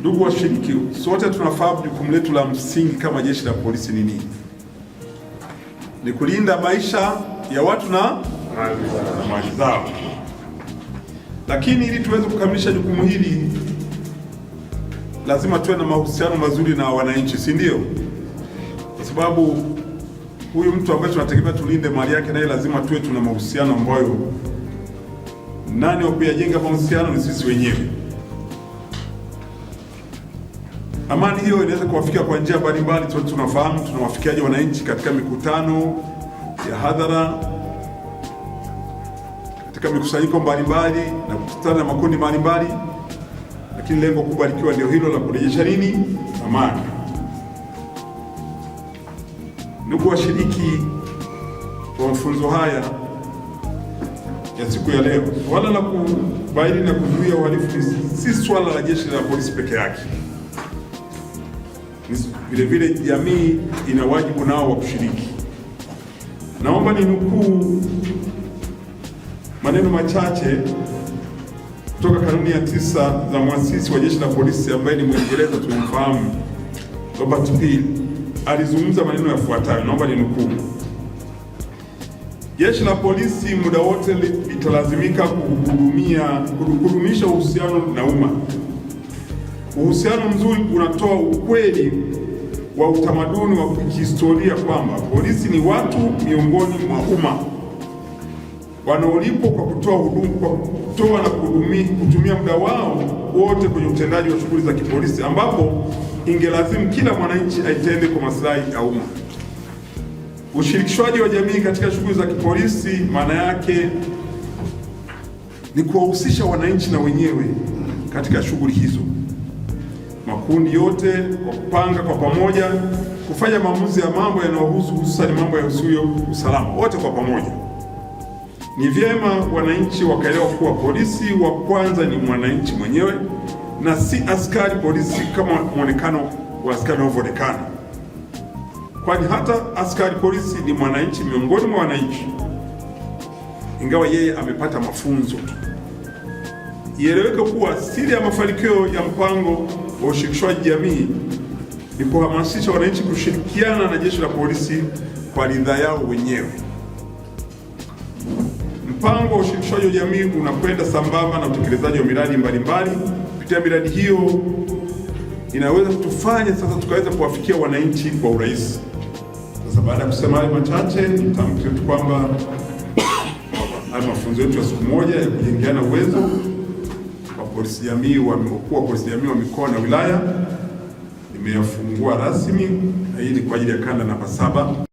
Ndugu washiriki, sote tunafahamu jukumu letu la msingi kama jeshi la polisi ni nini? Ni kulinda maisha ya watu na mali zao, lakini ili tuweze kukamilisha jukumu hili lazima tuwe na mahusiano mazuri na wananchi, si ndio? Kwa sababu huyu mtu ambaye tunategemea tulinde mali yake, naye lazima tuwe tuna mahusiano ambayo, nani wa kuyajenga mahusiano? Ni sisi wenyewe. Amani hiyo inaweza kuwafikia kwa njia mbalimbali. Tunafahamu tunawafikiaje wananchi katika mikutano ya hadhara, katika mikusanyiko mbalimbali na kukutana na makundi mbalimbali, lakini lengo kubwa likiwa ndio hilo la kurejesha nini, amani. Ndugu washiriki wa mafunzo haya ya siku ya leo, swala la kubaini na kuzuia uhalifu si swala la jeshi la polisi peke yake. Vile vile jamii ina wajibu nao wa kushiriki. Naomba ni nukuu maneno machache kutoka kanuni ya tisa za mwasisi wa jeshi la polisi ambaye ni Mwingereza tumemfahamu Robert Peel alizungumza maneno yafuatayo, naomba ni nukuu jeshi la polisi muda wote litalazimika kudumisha uhusiano na umma Uhusiano mzuri unatoa ukweli wa utamaduni wa kihistoria kwamba polisi ni watu miongoni mwa umma wanaolipwa kwa kutoa huduma, kwa kutoa na kudumi, kutumia muda wao wote kwenye utendaji wa shughuli za kipolisi, ambapo ingelazimu kila mwananchi aitende kwa maslahi ya umma. Ushirikishwaji wa jamii katika shughuli za kipolisi maana yake ni kuwahusisha wananchi na wenyewe katika shughuli hizo makundi yote kwa kupanga kwa pamoja kufanya maamuzi ya mambo yanayohusu hususani mambo ya usuyo usalama wote kwa pamoja. Ni vyema wananchi wakaelewa kuwa polisi wa kwanza ni mwananchi mwenyewe na si askari polisi kama mwonekano wa askari unavyoonekana, kwani hata askari polisi ni mwananchi miongoni mwa wananchi, ingawa yeye amepata mafunzo Ieleweke kuwa siri ya mafanikio ya mpango wa ushirikishwaji jamii ni kuhamasisha wananchi kushirikiana na jeshi la polisi kwa ridhaa yao wenyewe. Mpango wa ushirikishwaji wa jamii unakwenda sambamba na utekelezaji wa miradi mbalimbali. Kupitia miradi hiyo inaweza kutufanya sasa tukaweza kuwafikia wananchi kwa urahisi. Sasa baada ya kusema hayo machache, nitamke kwamba haya mafunzo yetu ya siku moja ya kujengeana uwezo polisi jamii wa mkuu wa polisi jamii wa mikoa na wilaya nimeyafungua rasmi, na hii ni kwa ajili ya kanda namba saba.